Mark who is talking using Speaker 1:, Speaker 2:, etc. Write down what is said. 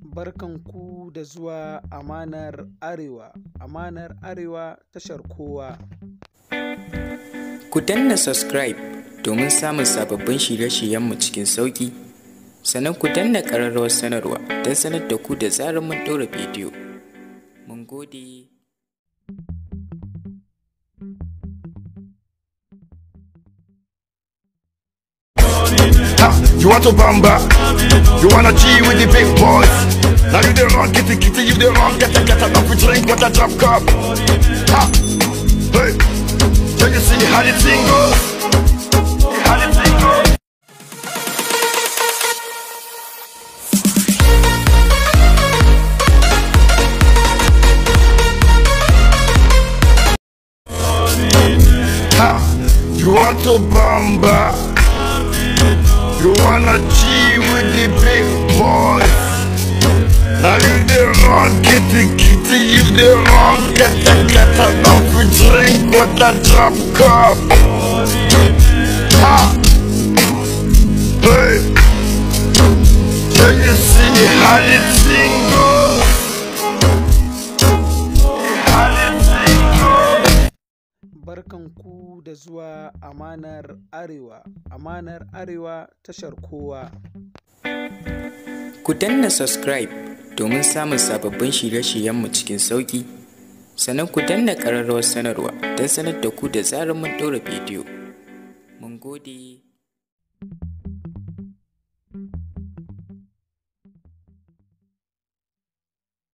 Speaker 1: Barkanku da zuwa Amanar Arewa, Amanar Arewa tashar kowa.
Speaker 2: Ku danna subscribe domin samun sababbin shirye-shiryenmu cikin sauƙi, sannan ku danna ƙararrawar sanarwa don sanar da ku da zarar mun ɗora bidiyo.
Speaker 3: Mun gode. You want to bamba? You wanna G with the big boys. Now you the wrong, kitty kitty, you the wrong, get a get a up, we drink what a drop cup. Ha! Hey! So you see how the thing How the thing goes. You want to bomba? You wanna cheat? with the big boys. Are you the wrong kitty kitty? You the wrong get a Don't we drink with a drop cup? Ha! Hey! Can you see how the thing goes?
Speaker 1: Barkanku da zuwa amanar Arewa, amanar Arewa tashar kowa.
Speaker 2: Ku danna subscribe domin samun sababbin shirye-shiryenmu cikin sauƙi. Sannan ku danna ƙararrawar sanarwa don sanar da ku da zarar mun ɗora bidiyo.
Speaker 3: Mun gode.